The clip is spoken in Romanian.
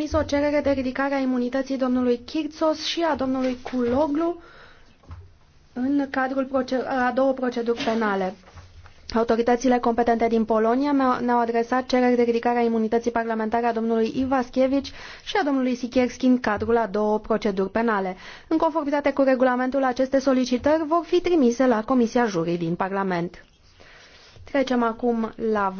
transmis o cerere de ridicare a imunității domnului Kirțos și a domnului Culoglu în cadrul a două proceduri penale. Autoritățile competente din Polonia ne-au adresat cereri de ridicare a imunității parlamentare a domnului Ivaschievici și a domnului Sikierski în cadrul a două proceduri penale. În conformitate cu regulamentul, aceste solicitări vor fi trimise la Comisia Jurii din Parlament. Trecem acum la